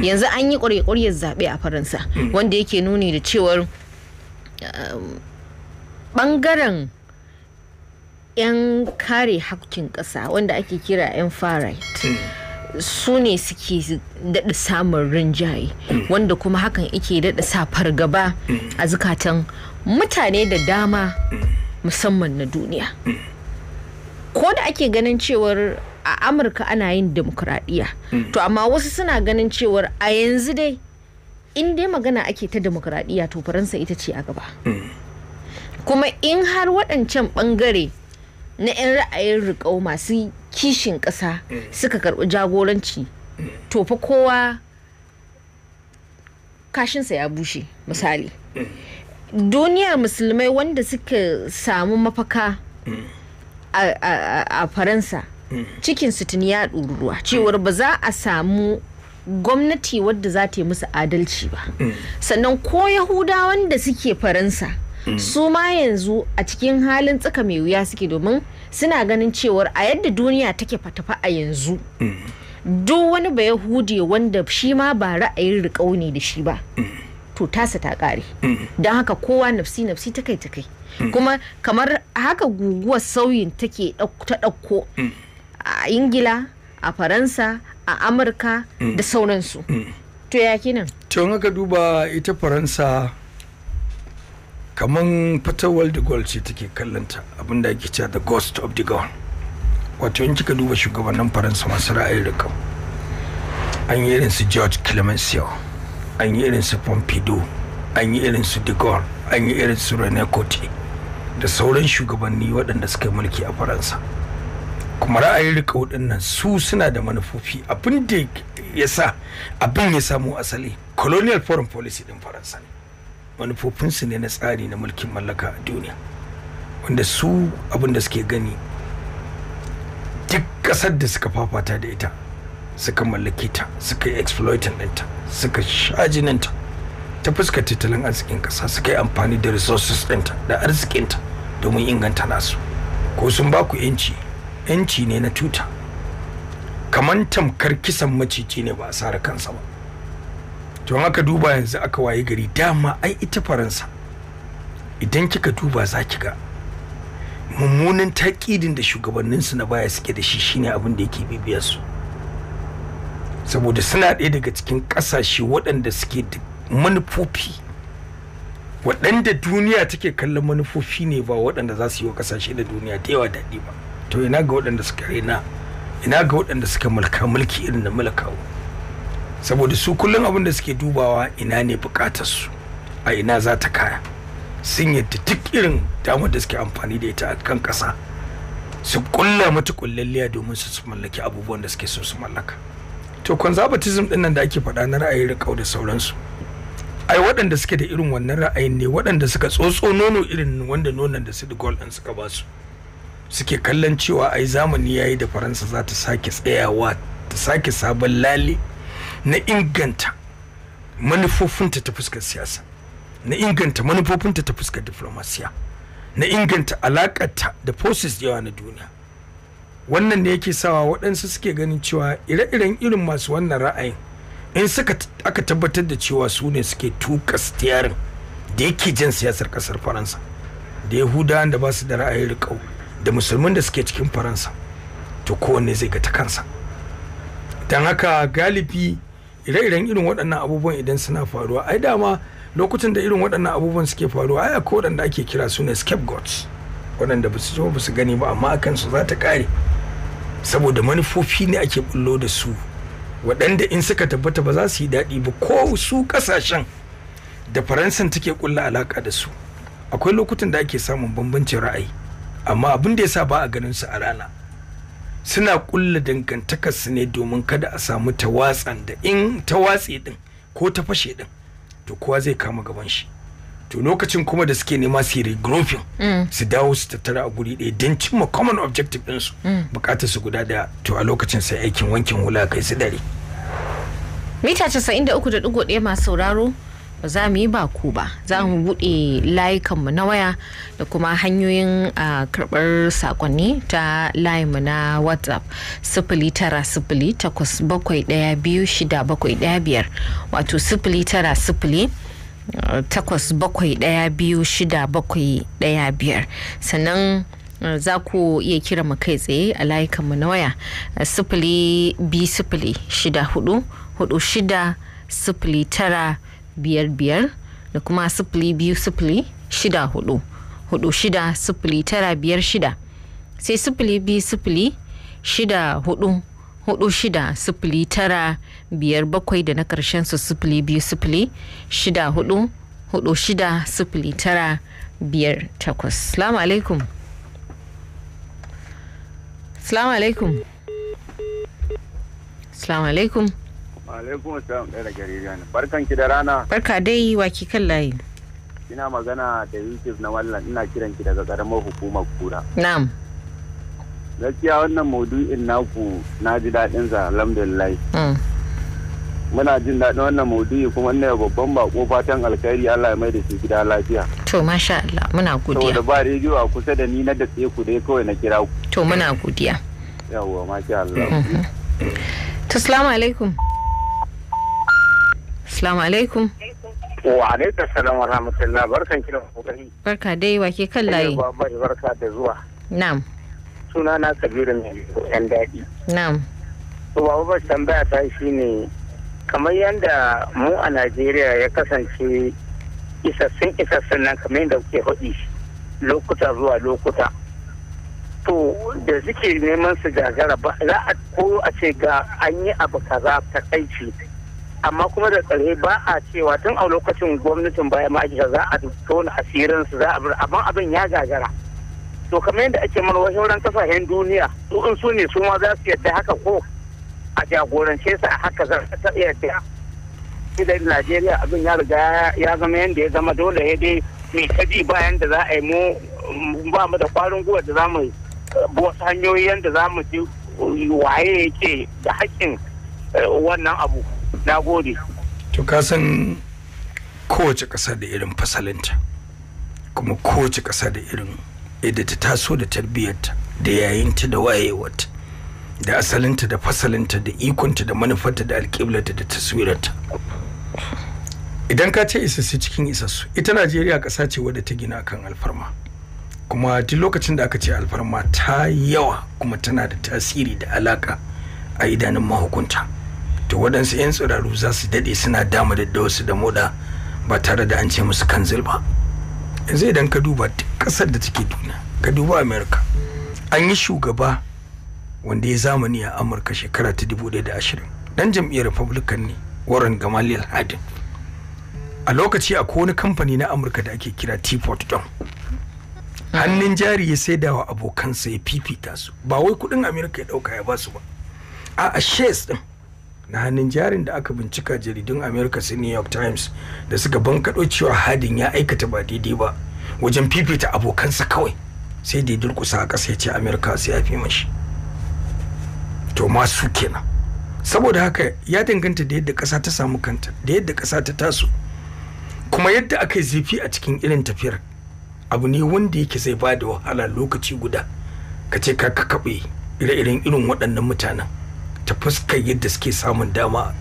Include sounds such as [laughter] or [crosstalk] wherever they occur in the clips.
yanzu an yi ƙwarƙwariyar zaɓe a faransa wanda yake nuni da cewar um, ɓangaren 'yan kare hakkin ƙasa wanda ake kira 'yan farait su ne suke daɗa samun rinjaye wanda kuma hakan ike daɗa sa fargaba a zukatan mutane da dama musamman na duniya ko da ake ganin cewar a amurka ana yin demokradiyya to amma wasu suna ganin cewar a yanzu dai in dai magana ake ta demokradiyya to faransa ita ce a gaba kuma in har waɗancan ɓangare na 'yan ra'ayin riƙau masu kishin ƙasa suka karɓi jagoranci to fa kowa kashinsa ya bushe misali duniyar musulmai wanda suka samu mafaka a faransa cikin sitini ya ɗururuwa cewar ba za a samu gwamnati wadda za ta yi musu adalci ba sannan ko yahudawan wanda suke faransa su ma yanzu a cikin halin tsaka mai wuya suke domin suna ganin cewar a yadda duniya take fatafa a yanzu duk wani ba yahudi wanda shi ma ba ra'ayin riƙau da shi ba to tasa ta ƙare don haka kowa nafsi nafsi ta kai ta kai kuma kamar haka guguwar sauyin take ta ɗauko a ingila a faransa a amurka mm. da sauransu mm. to ya kinan to haka duba ita faransa kaman fitowar de gold ce take kallanta abinda ake cewa the ghost of the gold wato in kika duba shugabannin faransa masu ra'ayin rikau an yi irin su george clemenceau an yi irin su pompidou an yi irin su de gaulle an yi irin su rene cote da sauran shugabanni waɗanda suka yi mulki a faransa kuma ra'ayin rika nan su suna da manufofi abin da ya sa abin ya samu asali colonial foreign policy ɗin faransa ne manufofinsu ne na tsari na mulkin mallaka a duniya wanda su abin da suke gani duk ƙasar da suka fafata da ita suka mallake ta suka yi exploiting ɗinta suka shajininta ta fuskar tattalin arzikin ƙasa suka yi amfani da resources ɗinta da arzikinta domin inganta nasu ko sun ba ku yanci yanci ne na tuta kamar tamkar kisan macici ne ba a sare kansa ba to haka duba yanzu aka waye gari dama ai ita faransa idan kika duba za ki ga mummunan taƙidin da shugabanninsu na baya suke da shi shine abin da yake bibiya su saboda suna ɗaya daga cikin ƙasashe waɗanda suke da manufofi waɗanda duniya take kallon manufofi ne ba waɗanda za su yi wa ƙasashe da duniya da yawa daɗi ba to ina ga waɗanda suka raina ina ga waɗanda suka mulka mulki irin da mulkawo saboda su kullum abin da suke dubawa ina ne bukatar su a ina za ta kaya sun yadda duk irin damar da suke amfani da ita a kan ƙasa su kulla mata kullalliya domin su su mallaki abubuwan da suke so su mallaka to conservatism din nan da ake faɗa na ra'ayin riƙau da sauransu ai waɗanda suke da irin wannan ra'ayin ne waɗanda suka tsotso nono irin wanda nonon da su da gold ɗin suka ba su suke kallon cewa ai zamani ya yi da faransa za ta sake tsayawa ta sake sabon lale na inganta manufofinta ta fuskar siyasa na inganta manufofinta ta fuskar diflomasiya na inganta alakarta da forces yawa na duniya wannan ne yake sawa waɗansu suke ganin cewa ire-iren irin masu wannan ra'ayin in suka aka tabbatar da cewa su ne suke tuka stiyarin da yake jan siyasar ƙasar faransa da yahudawan da ba su da ra'ayin riƙau da musulmin da suke cikin faransa to kowanne zai ga ta kansa don haka galibi ire-iren irin waɗannan abubuwan idan suna faruwa ai dama lokacin da irin waɗannan abubuwan suke faruwa ai akwai waɗanda ake kira su ne scapegoats waɗanda ba su zo ba su gani ba amma a kansu za ta ƙare saboda manufofi ne ake bullo da su waɗanda in suka tabbata ba za su yi daɗi ba ko su ƙasashen da faransan take kulla alaƙa da su akwai lokutan da ake samun bambancin ra'ayi amma abin da ya sa ba a ganin su a rana suna kulla dangantakar su ne domin kada a samu tawatsan da in ta watsi din ko ta fashe din to kowa zai kama gaban shi to lokacin kuma da suke nema su grofin mm. su dawo su tattara a guri ɗaya don cimma common objective ɗinsu mm. bukatar su guda daya to a lokacin sai aikin wankin hula kai su dare mita 93.1 masu sauraro ba za mu yi ba ku ba za mu buɗe layukanmu na waya da kuma hanyoyin karɓar sakonni ta layinmu na whatsapp sifili tara sifili takwas bakwai ɗaya biyu shida bakwai ɗaya biyar wato sifili tara sifili takwas bakwai ɗaya biyu shida bakwai ɗaya biyar sannan za ku iya kira mu kai tsaye a layukanmu na waya sifili biyu sifili shida hudu hudu shida sifili tara biyar biyar da kuma sifili biyu sifili shida hudu hudu shida sifili tara biyar shida sai sifili biyu sifili shida hudu hudu shida sifili tara biyar bakwai da na karshen su sifili biyu sifili shida hudu hudu shida sifili tara biyar takwas salamu alaikum salamu alaikum salamu alaikum Alaikum assalam ɗaya daga Rediyon. Barkan ki da rana. Barka dai wa ki kan layi. Ina magana da Yusuf na wallan ina kiran ki daga karamar hukumar kura. Na'am. Gaskiya wannan maudu'in naku na ji daɗin sa alhamdulillah. Mm. Muna jin daɗin wannan maudu'i kuma ina babban bako fatan alkhairi Allah ya mai da shi gida lafiya. To masha Allah muna godiya. Saboda ba rediyo a kusa da ni na da tsaye ku dai kawai na kira ku. To muna godiya. Yawwa masha Allah. Mm-hmm. Assalamu alaikum. Assalamu alaikum. Wa alaikum salam wa rahmatullah barkan ki kokari. Barka dai wa ke kan layi. Barka da zuwa. Na'am. Suna na Kabiru ne yan daɗi. Na'am. To ba tambaya ta shi ne kamar yadda mu a Najeriya ya kasance isassun isassun nan kamar yanda kuke faɗi lokuta zuwa lokuta. to da suke neman su gagara ba za a ko a ce ga an yi abu kaza ta kaici amma kuma da tsare ba a cewa tun a lokacin gwamnatin baya ma'aikata za a tona asirin su za a bar amma abin ya gagara to kamar yadda ake mana wasu ran kasashen duniya su in su ne su ma za su yadda haka ko a jagorance su a haka za su yadda idan najeriya abin ya riga ya zama yadda ya zama dole ya dai mai kaji bayan da za a yi mu ba mu da kwarin guwa da za mu bi wasu hanyoyi yadda za mu ji waye yake da hakkin eh, wannan abu na gode to ka san kowace ƙasa da irin fasalinta kuma kowace ƙasa da irin idan ta taso da tarbiyyarta da yayinta da wayewarta da asalinta da fasalinta da ikonta da manufarta da alƙiblarta da taswirarta idan ka ce isassu cikin isassu ita najeriya ƙasa ce wadda ta gina kan alfarma kuma duk lokacin da aka ce alfarma ta yawa kuma tana da tasiri da alaƙa a idanun mahukunta to waɗansu 'yan tsiraru za su daɗe suna dama da wasu da moda ba tare da an ce musu kanzil ba yanzu idan ka duba kasar da take duniya ka duba america an yi shugaba wanda ya zamani a amurka shekara ta dubu da ashirin dan jam'iyyar republican ne warren gamaliel hadin a lokaci a wani kamfani na amurka da ake kira teapot don hannun jari ya saida wa abokansa ya fifita su ba wai kudin amurka ya dauka ya ba su ba a shares ɗin. na hannun jarin da aka bincika jaridun america su new york times da suka bankaɗo cewa hadin ya aikata ba daidai ba wajen fifita abokansa kawai sai da ya durkusa a ƙasa ya ce america sai ya fi mashi to masu kenan saboda haka ya danganta da yadda ƙasa ta samu kanta da yadda ƙasa ta taso kuma yadda aka yi zafi a cikin irin tafiyar abu ne wanda yake zai ba da wahala lokaci guda ka ce ka kaɓe ire-iren irin waɗannan mutanen ta fuskar yadda suke samun dama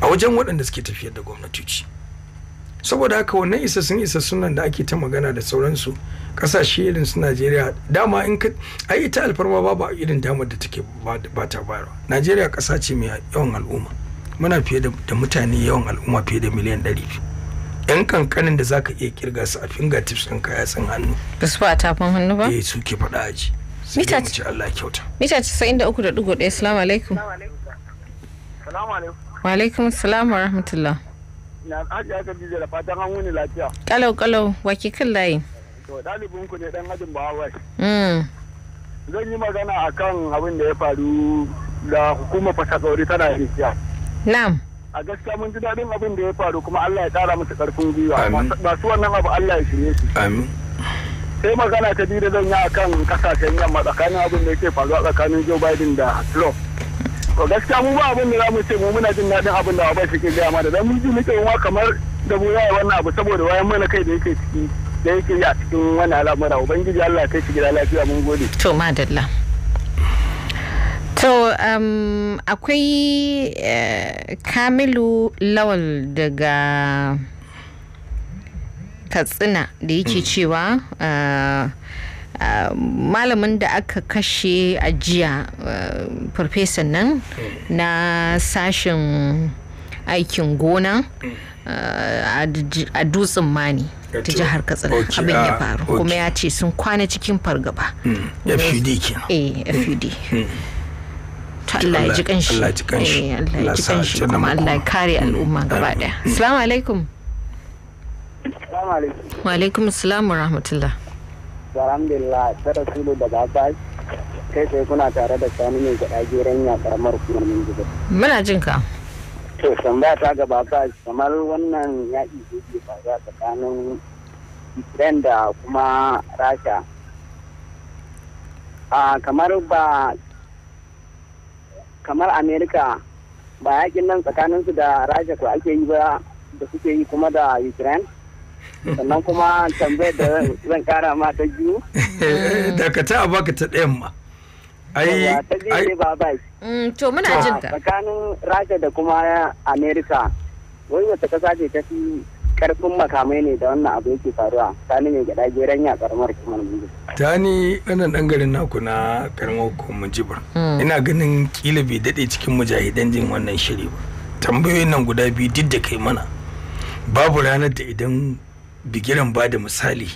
a wajen waɗanda suke tafiyar da gwamnatoci saboda haka wannan isassun isassun nan da ake ta magana da sauransu kasashe irin su najeriya dama in ka a ta alfarma babu irin damar da take ba ta bayarwa najeriya ƙasa ce mai yawan al'umma muna fiye da mutane yawan al'umma fiye da miliyan ɗari yan kankanin da zaka iya kirga su a fingertips ɗin ka yatsin hannu ba su ba a tafin hannu ba eh suke faɗa aji Mita ce Allah kyauta. Mita 93.1 Assalamu alaikum. Assalamu alaikum. Wa alaikum assalam wa rahmatullah. Na aji aka bi da fatan an wuni lafiya. Kalau kalau wa ke kan layi. To dalibin ku ne dan ajin Bahawai. Mm. Zan yi magana a kan abin da ya faru da hukumar fasakauri tana Najeriya. Na'am. a gaskiya mun ji daɗin abin da ya faru kuma Allah ya ƙara musu ƙarfin gwiwa masu wannan abu Allah ya shirye su. sai magana ta biyu da zan yi akan kasashen yamma tsakanin abin da yake faruwa tsakanin Joe Biden da Trump. To gaskiya mu ba abin da za mu ce mu muna jin daɗin abin da shi ke gaya mana da mu ji muke wa kamar da mu yaya wannan abu saboda wayan mana kai da yake ciki da yake yi a cikin wani al'amura ubangiji Allah kai shi gida lafiya mun gode. To madalla. To um, akwai eh, Kamilu Lawal daga katsina da yake mm. cewa ah, ah, malamin da aka kashe a jiya uh, farfesan nan mm. na sashen aikin gona mm. a dutsen mani ta jihar katsina abin ya faru kuma ya ce sun kwana cikin fargaba fud kenan eh, fud Allah ya ji kanshi Allah ya ji kanshi kuma eh, Allah ya kare al'umma gaba daya assalamu alaikum Assalamu alaikum. Wa alaikum assalam wa rahmatullah. Alhamdulillah, ta Rasulu daga Abbas. Kai sai kuna tare da Sani mai ga geren ya karamar hukumar Minjibir. Muna jin ka. To, ba ta ga Baba kamar wannan yaƙi da ke faruwa tsakanin Ukraine da kuma Rasha. Ah kamar ba kamar Amerika ba yakin nan su da Rasha ko ake yi ba da suke yi kuma da Ukraine? sannan kuma tambayar da zan kara ma ta biyu eh, dakata a baka ta ɗayan ma ai ai ba ba mm, to muna jin ka tsakanin Rasha da kuma America wai wata kasa ce ta fi karfin makamai ne da wannan abu yake faruwa tani ne gada geren ya karamar kamar mu tani wannan dan garin naku na karamar ji ba. Mm. ina ganin kila bai dade cikin mujahidan jin wannan shiri ba tambayoyin nan guda biyu duk da kai mana babu ranar da idan bigiran ba da misali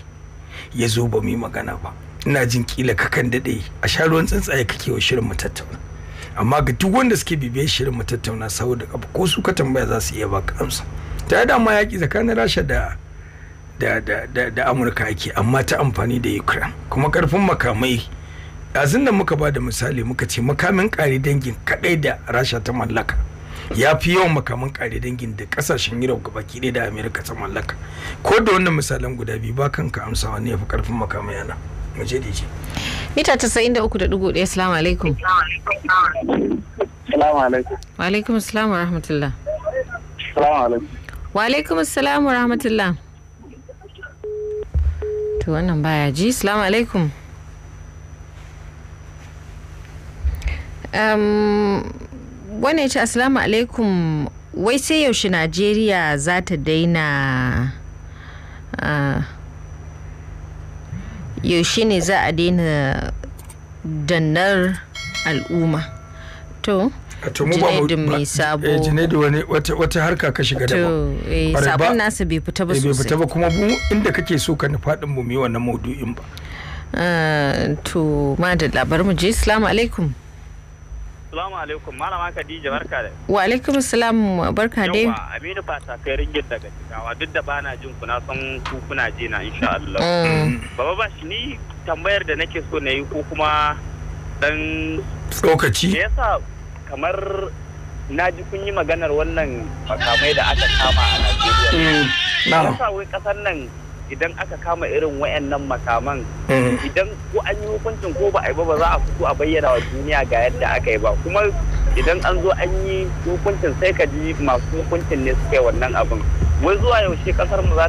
ya zo ba mu yi magana ba ina jin kila kakan daɗe a sha ruwan tsuntsaye kake wa shirin mu tattauna amma ga duk wanda suke bibiyar shirin mu tattauna saboda ƙafa ko su ka tambaya za su iya baka amsa ta da ma yaƙi tsakanin rasha da da da da, da amurka ake amma ta amfani da ukraine kuma karfin makamai yanzu da muka ba da misali muka ce makamin kare dangin kaɗai da rasha ta mallaka ya fi yawan makaman kare dangin da kasashen yurau gabaki ɗaya da amerika ta mallaka ko da wannan misalan guda biyu ba kan ka amsa wani ya fi karfin makamai yana mu je da je mita 93.1 assalamu alaikum assalamu alaikum wa alaikum assalam wa rahmatullah assalamu alaikum wa alaikum assalam wa rahmatullah to wannan baya ji assalamu alaikum um, wane ya ce asalamu alaikum wai sai yaushe najeriya za ta daina yaushe ne za a daina dannar al'umma to jinaidu mai sabo eh, junaidu wani wata harka ka shiga da eh, ba sabon nasa eh, bai fita ba sosai bai fita ba kuma mu inda kake so ka nufa mu mai wannan maudu'in ba to ma da labar mu je assalamu alaikum Assalamu alaikum Malama Khadija barka da. Wa alaikum salam barka dai. Yawa Aminu Fata kai ringin daga cikawa duk da bana jin ku na san ku kuna ji na insha Allah. Mm. Baba ba shi ni tambayar da nake so na yi ko kuma dan tsokaci. Me yasa kamar na ji kun yi maganar wannan makamai da aka kama a Najeriya. Mm. Me yasa wai kasar nan idan aka kama irin wayannan makaman eh. idan ko an yi hukuncin ko ba a yi ba ba za a fito a bayyana wa duniya ga yadda aka yi ba kuma idan an zo an yi hukuncin sai ka ji masu hukuncin ne suke wannan abin wai zuwa yaushe kasar mu za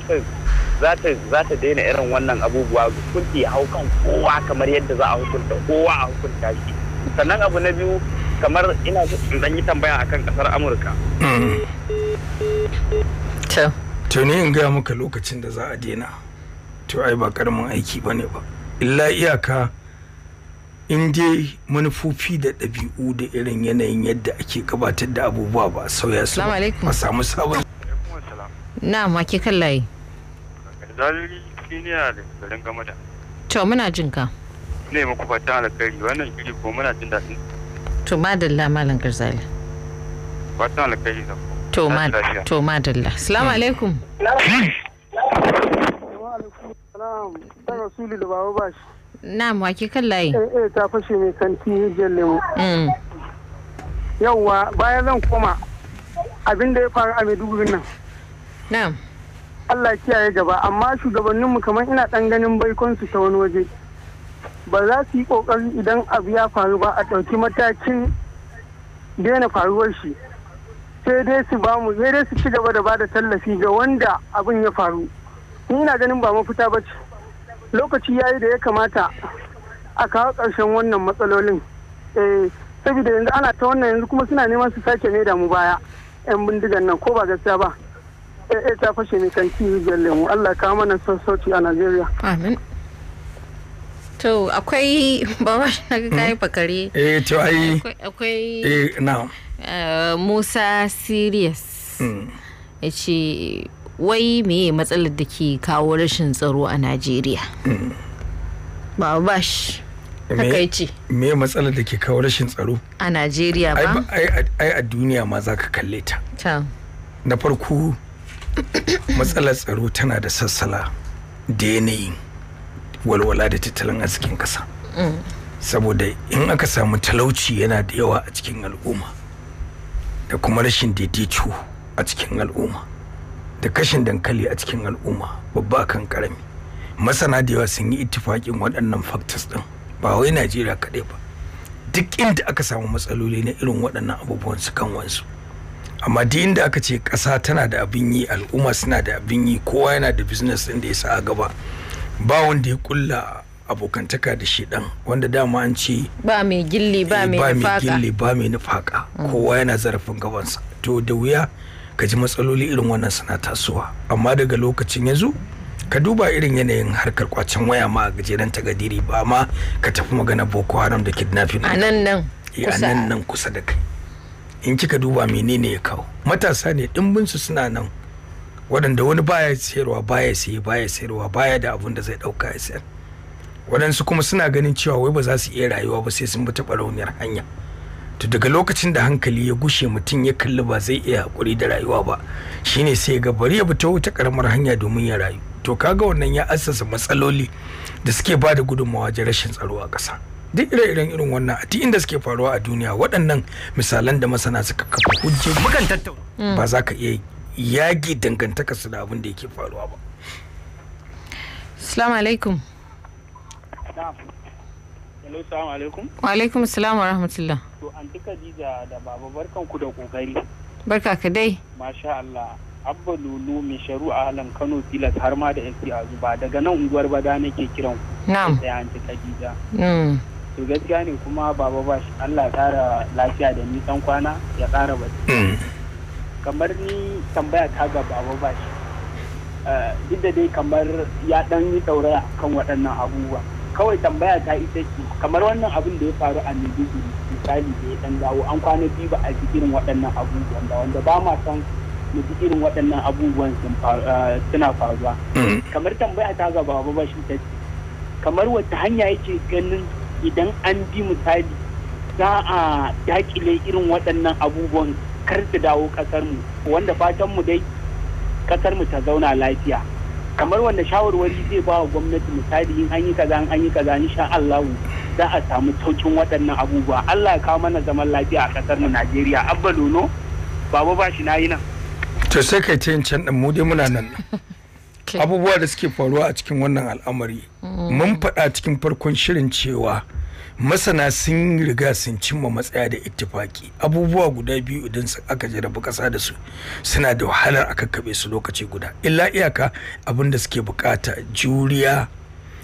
ta za ta daina irin wannan abubuwa hukunci ya hau kan kowa kamar yadda za a hukunta kowa a hukunta shi sannan abu na biyu kamar ina dan yi tambaya akan kasar amurka mm. to ne in gaya maka lokacin da za a daina to ai ba karamin aiki ba ne ba illa iyaka in dai manufofi da ɗabi'u da irin yanayin yadda ake gabatar da abubuwa ba sauya su ba samu sabon na maki kallaye zalili kiniya da garin da. to muna jin ka ne muku fata alkhairi wannan shiri ko muna jin daɗin to madalla malam garzali fata alkhairi da ku to ma to ma dalla alaikum na'am wa ke kan layi eh, eh ta fashe lemo mm. yawwa bayan zan koma abin da ya faru a maiduguri nan na'am Allah kiyaye gaba amma shugabanninmu kamar ina ɗan ganin baikonsu ta wani waje ba za su yi ƙoƙari idan abu ya faru ba a ɗauki matakin daina faruwar shi sai dai su ba mu sai dai su ci gaba da ba da tallafi ga wanda abin ya faru ni ina ganin ba mafita ba ce lokaci yi da ya kamata a kawo ƙarshen wannan matsalolin eh, saboda yanzu ana ta wannan yanzu kuma suna neman su sake ne da mu baya yan bindigan nan ko ba gaskiya ba eh, eh ta fashe ne kan tihi lemu Allah ka mana sassauci a Najeriya amin to akwai [laughs] ba shi na ga bakare hmm? eh to ai akwai eh na'am Eh, musa sirius hmm. ya ce wai meye matsalar da ke kawo rashin tsaro a najeriya hmm. ba shi, haka ya ce me matsalar da ke kawo rashin tsaro a najeriya ba ai a duniya ma za ka kalle ta na farko [coughs] matsalar tsaro tana da sassala da yanayin walwala da tattalin arzikin kasa mm. saboda in aka samu talauci yana da yawa a cikin al'umma da kuma rashin daidaito a cikin al'umma da kashin dankali a cikin al'umma babba kan karami masana da yawa sun yi ittifakin waɗannan factors ɗin ba wai najeriya kaɗai ba duk inda aka samu matsaloli na irin waɗannan abubuwan su kan wansu amma duk inda aka ce ƙasa tana da abin yi al'umma suna da abin yi kowa yana da business ɗin da ya sa a gaba ba wanda ya kulla abokantaka da shi dan wanda dama an ce ba mai gilli eh, ba mai nufaka gilli ba mai nufaka kowa yana zarafin gabansa to da wuya ka ji matsaloli irin wannan suna tasowa amma daga lokacin yanzu ka duba irin yanayin harkar kwacen waya ma a gajeren tagadiri ba ma ka tafi magana boko haram da kidnapping a nan nan eh, kusa a nan nan kusa da kai in kika duba menene ya kawo matasa ne dimbin su suna nan waɗanda wani baya sayarwa baya sayi baya sayarwa baya da abun da zai ɗauka ya sayar waɗansu kuma suna ganin cewa wai ba za su iya rayuwa ba sai sun bi taɓa rauniyar hanya to daga lokacin da hankali ya gushe mutum ya kalli ba zai iya haƙuri da rayuwa ba shine sai ga bari ya bi ta wata ƙaramar hanya domin ya rayu to kaga wannan ya assasa matsaloli da suke ba da gudummawa ga rashin tsaro a ƙasa duk ire-iren irin wannan a inda suke faruwa a duniya waɗannan misalan da masana suka kafa hujje mukan tattauna mm. ba za ka iya yagi dangantaka su da abin da yake faruwa ba. Assalamu alaikum. Hello, salamu alaikum. Wa alaikum salam wa rahmatullah. To, an duka jija da baba barkan ku da kokari. Barka ka dai. Masha Allah. Abba Lulu mai sharu a halin Kano Tilas, har ma da azu ba daga nan unguwar Bada nake kiran ku. Na'am. Sai an duka jija. Mm. To gaskiya ne kuma baba ba shi Allah tsara lafiya da nisan kwana ya tsara bacci. Mm. Kamar ni tambaya ta ga baba ba shi. Eh, duk da dai kamar ya ɗan yi ɗauraya kan waɗannan abubuwa. kawai tambaya ta ita ce kamar wannan abin da ya faru a Maiduguri misali da ya dan dawo an kwana biyu ba a ji irin waɗannan abubuwan da wanda ba ma san mu ji irin waɗannan abubuwan suna faruwa hmm. kamar tambaya ta gaba ba ba shi ta kamar wata hanya yake ganin idan an bi misali za a dakile irin waɗannan abubuwan kar su dawo ƙasarmu wanda fatanmu dai ƙasarmu ta zauna lafiya kamar wanda shawarwari zai ba wa gwamnati misali in an yi kaza an yi kaza insha allahu za a samu saukin waɗannan abubuwa Allah ya kawo mana zaman lafiya a ƙasar mu Najeriya abba lono baba ba shi nayi nan to sai kai ta can din mu dai muna nan [laughs] abubuwa da suke faruwa a cikin wannan al'amari mm. mun faɗa cikin farkon shirin cewa masana sun riga sun cimma matsaya da ittifaki abubuwa guda biyu idan aka jarabi kasa da su suna da wahalar aka kabe su lokaci guda illa iyaka abin da suke bukata juriya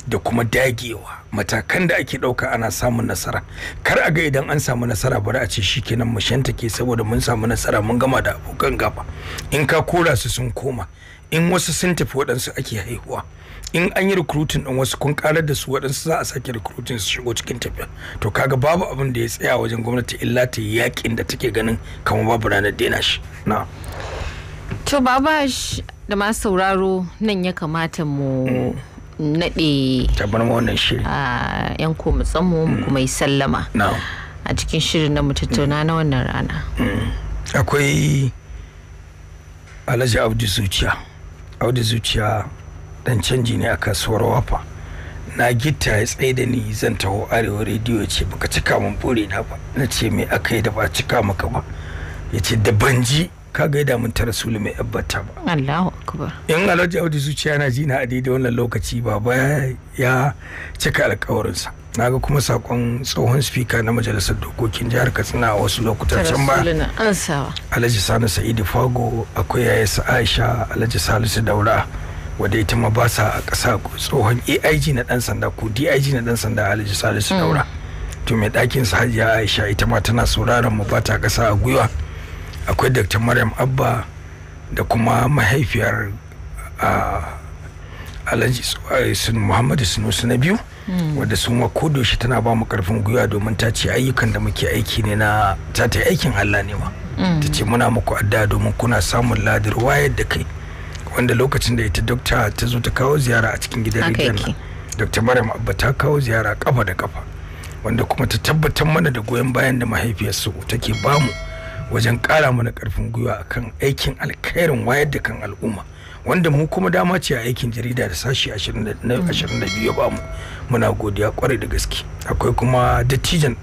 da kuma dagewa matakan da ake ɗauka ana samun nasara kar a ga idan an samu nasara bari a ce shikenan mu shantake saboda mun samu nasara mun gama da abokan gaba in ka kora su sun koma in wasu sun tafi waɗansu ake haihuwa in an yi recruiting din wasu kun karar da su waɗansu za a sake recruiting su shigo cikin tafiya to kaga babu abin da ya tsaya wajen gwamnati illa ta yi yakin da take ganin kamar babu ranar daina shi na to babu da masu sauraro nan ya kamata mu mm. naɗe tabbar ma wannan shiri a yan mu mm. kuma yi sallama a cikin shirin na mu tattauna mm. na wannan rana akwai alhaji audu zuciya zuciya dan canji ne a kasuwar wafa na gita ya tsaye da ni zan taho arewa rediyo ce baka cika min buri na ba na ce me aka yi da ba cika maka ba ya ce da banji ka ga yadda mun tara sulu mai abbata ba in alhaji audu zuciya na ji na a daidai wannan lokaci ba baya ya cika alkawarinsa na ga kuma sakon tsohon spika na majalisar dokokin jihar katsina a wasu lokutan can ba alhaji sani sa'idu fago akwai yaya aisha alhaji salisu daura wadda ita ma ba sa a ƙasa tsohon aig na ɗan sanda ko dig na ɗan sanda alhaji salisu hmm. daura to mai ɗakin sa hajiya aisha ita ma tana sauraron mu ba ta ƙasa a gwiwa akwai dr maryam abba da kuma mahaifiyar alhaji sun muhammadu sunusu na biyu hmm. wadda su ma shi tana ba mu karfin gwiwa domin ta ce ayyukan da muke aiki ne na ta ta aikin allah ne ma hmm. ta ce muna muku addu'a domin kuna samun ladar wayar da kai wanda lokacin da ita dokta ta zo ta kawo ziyara a cikin gidan rediyon nan dokta maryam abba ta kawo ziyara kafa da kafa wanda kuma ta tabbatar mana da goyon bayan da mahaifiyarsu take bamu wajen kara mana karfin gwiwa akan aikin alkhairin wayar da kan al'umma wanda mu kuma dama ce a aikin jarida da sashi 22 mm. ya bamu muna godiya kwarai da gaske akwai kuma dattijan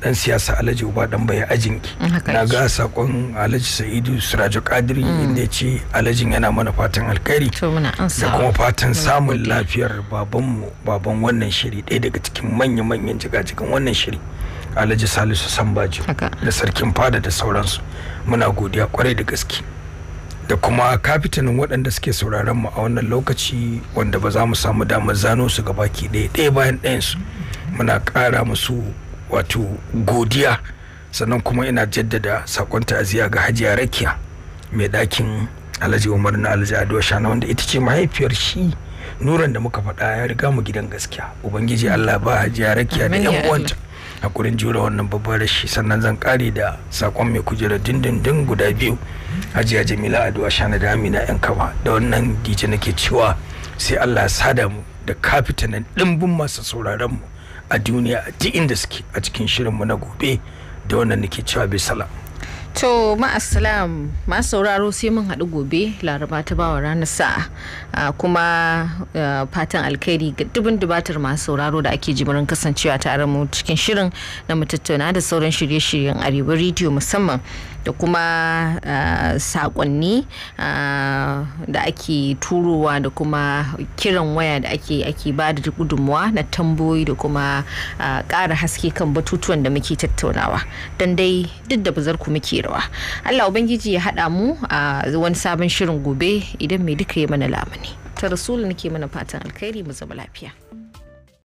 dan siyasa alhaji uba dan bai ajinki mm, na ga sakon alhaji sa'idu Siraju kadiri mm. inda ya ce alhajin yana mana fatan alkhairi da kuma fatan samun lafiyar baban mu baban wannan shiri ɗaya daga cikin manya-manyan jigajigan wannan shiri alhaji salisu sambaji da sarkin fada da sauransu muna godiya kwarai da gaske da kuma kafitanin waɗanda suke sauraron mu a wannan lokaci wanda ba za mu samu damar zano su gabaki ɗaya ɗaya bayan ɗayan su muna ƙara musu wato godiya sannan kuma ina jaddada sakon ta'aziyya ga hajiya rakiya mai dakin alhaji umar na alhaji ado shana wanda ita ce mahaifiyar shi nuran da muka faɗa ya riga mu gidan gaskiya ubangiji allah ba hajiya rakiya da yan uwanta hakurin jure wannan babban rashi sannan zan kare da sakon mai kujerar dindindin guda biyu hajiya jamila ado shana da amina yan kama da wannan dije nake cewa sai allah ya sada mu da kafitanan ɗimbin masu sauraron mu a duniya a duk inda suke a cikin shirin mu na gobe da wannan nake cewa bai sala. To ma'asalam masu sauraro sai mun haɗu gobe laraba ta bawa ranar sa'a kuma fatan alkhairi ga dubin dubatar masu sauraro da ake jimirin kasancewa tare mu cikin shirin na mu tattauna da sauran shirye-shiryen arewa rediyo musamman da kuma ah, sakonni ah, da ake turowa da kuma kiran waya da ake ake ba da gudunmuwa na tamboyi da kuma ah, ƙara haske kan batutuwan da muke tattaunawa don dai duk da bazar ku muke rawa allah ubangiji ya haɗa mu a wani sabon shirin gobe idan mai duka ya mana lamuni ta rasulu nake mana fatan alkhairi mu zama lafiya